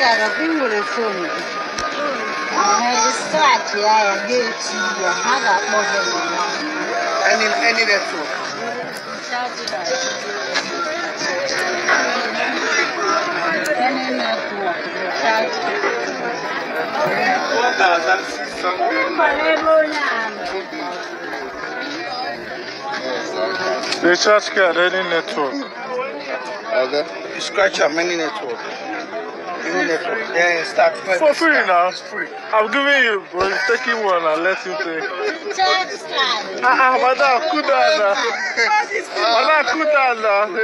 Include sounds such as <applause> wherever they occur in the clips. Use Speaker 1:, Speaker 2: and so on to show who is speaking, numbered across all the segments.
Speaker 1: Taratibu reformu registrat ya ya card, any network. Okay. scratch your many network. for For free start. now. It's free. I'm giving you, bro. You're taking one and let you take. Ah ah, madam, cool down now. Madam, cool down now.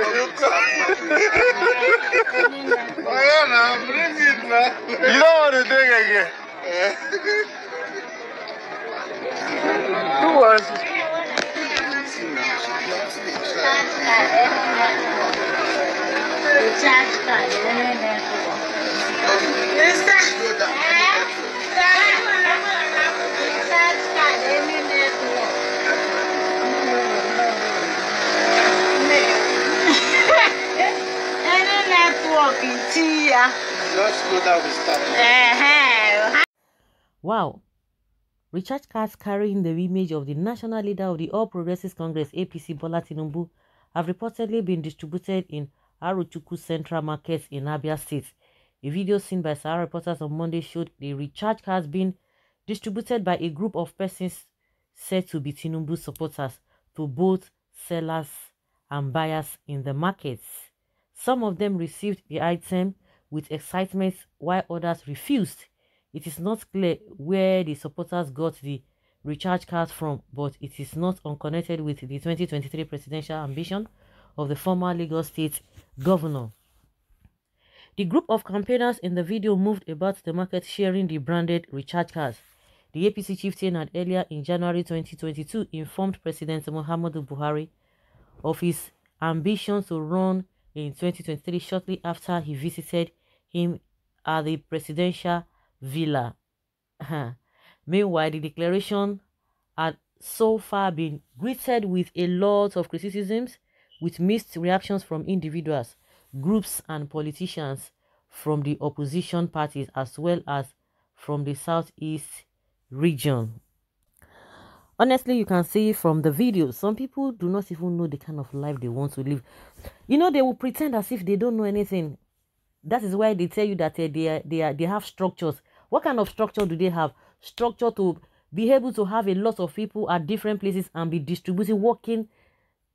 Speaker 1: Oh yeah, now bring it now. You don't want to take again. Who was it? Charge card, Wow. Richard cards carrying the image of the national leader of the All Progressives Congress APC Bola Tinubu have reportedly been distributed in Aruchuku Central Market in Abia State a video seen by Sahara reporters on Monday showed the recharge cards being distributed by a group of persons said to be Tinubu supporters to both sellers and buyers in the markets. Some of them received the item with excitement while others refused. It is not clear where the supporters got the recharge cards from, but it is not unconnected with the 2023 presidential ambition of the former Lagos State governor. The group of campaigners in the video moved about the market sharing the branded recharge cards. The APC chieftain had earlier in January 2022 informed President Muhammadu Buhari of his ambition to run in 2023 shortly after he visited him at the presidential villa. Uh-huh. Meanwhile, the declaration had so far been greeted with a lot of criticisms with mixed reactions from individuals groups and politicians from the opposition parties as well as from the southeast region. Honestly, you can see from the video, some people do not even know the kind of life they want to live. You know, they will pretend as if they don't know anything. That is why they tell you that uh, they, are, they, are, they have structures. What kind of structure do they have? Structure to be able to have a lot of people at different places and be distributing, working,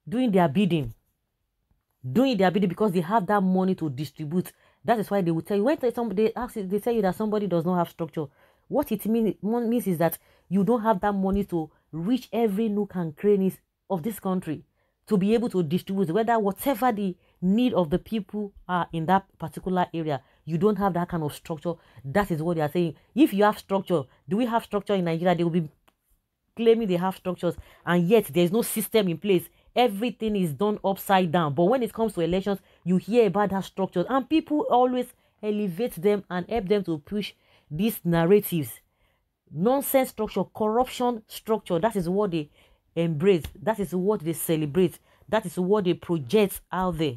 Speaker 1: doing their bidding doing their bidding because they have that money to distribute. That is why they will tell you when somebody asks, they tell you that somebody does not have structure. What it mean, means is that you don't have that money to reach every nook and crannies of this country to be able to distribute whether whatever the need of the people are in that particular area. You don't have that kind of structure. That is what they are saying. If you have structure, do we have structure in Nigeria? They will be claiming they have structures, and yet there is no system in place Everything is done upside down. But when it comes to elections, you hear about that structure, and people always elevate them and help them to push these narratives. Nonsense structure, corruption structure. That is what they embrace. That is what they celebrate. That is what they project out there.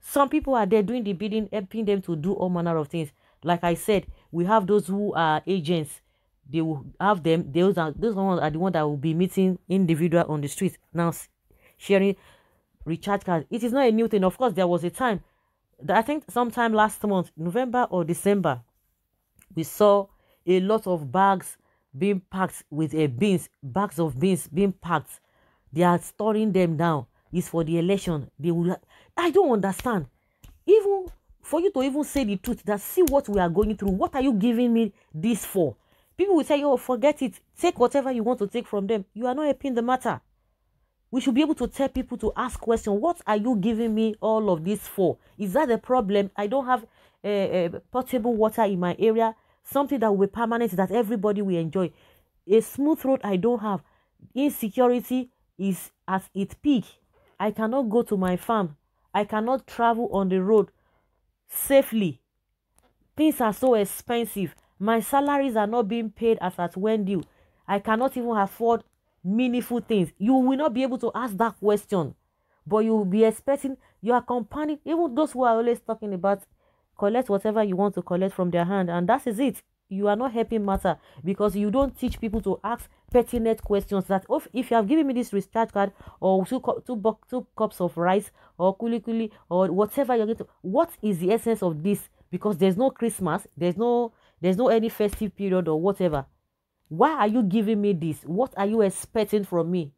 Speaker 1: Some people are there doing the bidding, helping them to do all manner of things. Like I said, we have those who are agents. They will have them. Those are those ones are the ones that will be meeting individual on the street. Now, sharing recharge cards. It is not a new thing. Of course, there was a time that I think sometime last month, November or December, we saw a lot of bags being packed with a beans, bags of beans being packed. They are storing them now. It's for the election. They will. I don't understand. Even for you to even say the truth, that see what we are going through. What are you giving me this for? People will say, "Oh, forget it. Take whatever you want to take from them. You are not helping the matter." we should be able to tell people to ask question. What are you giving me all of this for? Is that the problem? I don't have a, eh, eh, potable water in my area. Something that will be permanent that everybody will enjoy. A smooth road I don't have. Insecurity is at its peak. I cannot go to my farm. I cannot travel on the road safely. Things are so expensive. My salaries are not being paid as at when due. I cannot even afford meaningful things. You will not be able to ask that question, but you will be expecting your company, even those who are always talking about collect whatever you want to collect from their hand, and that is it. You are not helping matter because you don't teach people to ask pertinent questions. That if, oh, if you have given me this recharge card or two two, two cups of rice or kuli kuli or whatever you're getting, what is the essence of this? Because there's no Christmas, there's no there's no any festive period or whatever why are you giving me this? What are you expecting from me?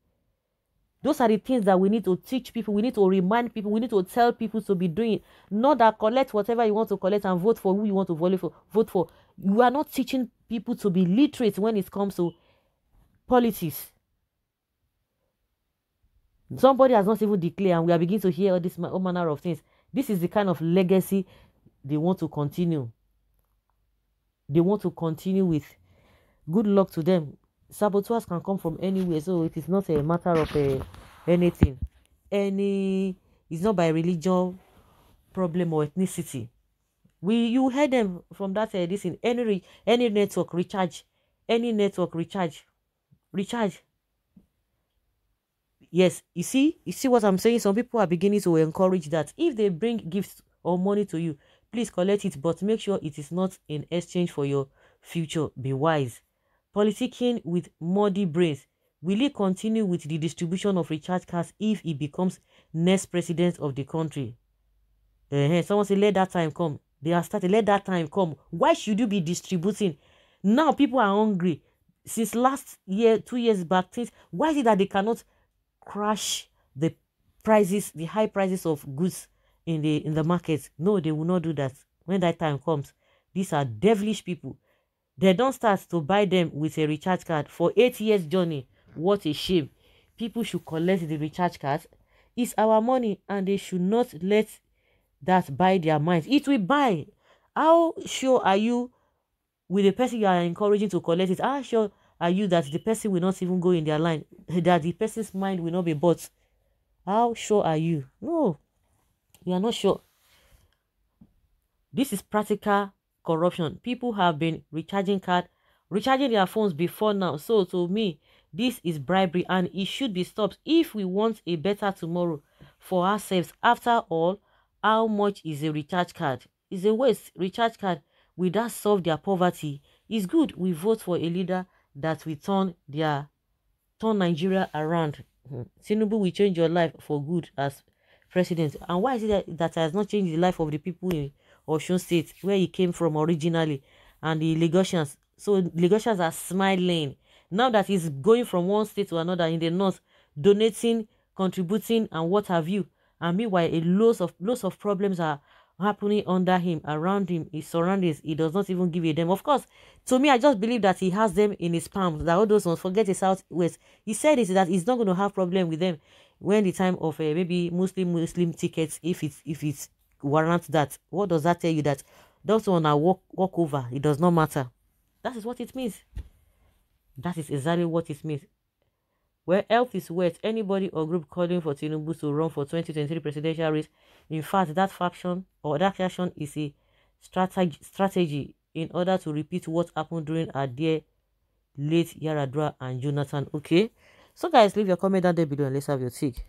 Speaker 1: Those are the things that we need to teach people. We need to remind people. We need to tell people to be doing. Not that collect whatever you want to collect and vote for who you want to vote for. Vote for. You are not teaching people to be literate when it comes to politics. Somebody has not even declared, and we are beginning to hear all this all manner of things. This is the kind of legacy they want to continue. They want to continue with good luck to them. Saboteurs can come from anywhere, so it is not a matter of uh, anything. Any, it's not by religion, problem or ethnicity. We you heard them from that uh, this in any re, any network recharge, any network recharge, recharge. Yes, you see, you see what I'm saying. Some people are beginning to encourage that if they bring gifts or money to you, please collect it, but make sure it is not in exchange for your future. Be wise politicking with muddy brains. Will he continue with the distribution of recharge cards if he becomes next president of the country? Uh, someone said, let that time come. They are starting. let that time come. Why should you be distributing? Now people are hungry. Since last year, two years back, things, why is it that they cannot crash the prices, the high prices of goods in the in the market? No, they will not do that. When that time comes, these are devilish people They don't start to buy them with a recharge card for eight years journey what a shame people should collect the recharge cards it's our money and they should not let that buy their minds it will buy how sure are you with the person you are encouraging to collect it how sure are you that the person will not even go in their line <laughs> that the person's mind will not be bought how sure are you no you are not sure this is practical corruption. People have been recharging card, recharging their phones before now. So to me, this is bribery and it should be stopped if we want a better tomorrow for ourselves. After all, how much is a recharge card? Is a waste. Recharge card will that solve their poverty? It's good we vote for a leader that will turn their turn Nigeria around. Hmm. Tinubu will change your life for good as president. And why is it that, that has not changed the life of the people in Osun State, where he came from originally, and the Lagosians. So Lagosians are smiling now that he's going from one state to another in the north, donating, contributing, and what have you. And meanwhile, a loads of loads of problems are happening under him, around him, his surroundings. He does not even give a damn. Of course, to me, I just believe that he has them in his palms. That all those ones, forget the southwest. He said it that he's not going to have problem with them when the time of uh, maybe Muslim Muslim tickets, if it's if it's warrant that. What does that tell you? That those on a walk walk over, it does not matter. That is what it means. That is exactly what it means. Where health is worth anybody or group calling for Tinubu to run for 2023 presidential race, in fact, that faction or that faction is a strategy, strategy in order to repeat what happened during our dear late Yaradra and Jonathan. Okay, so guys, leave your comment down there below and let's have your take.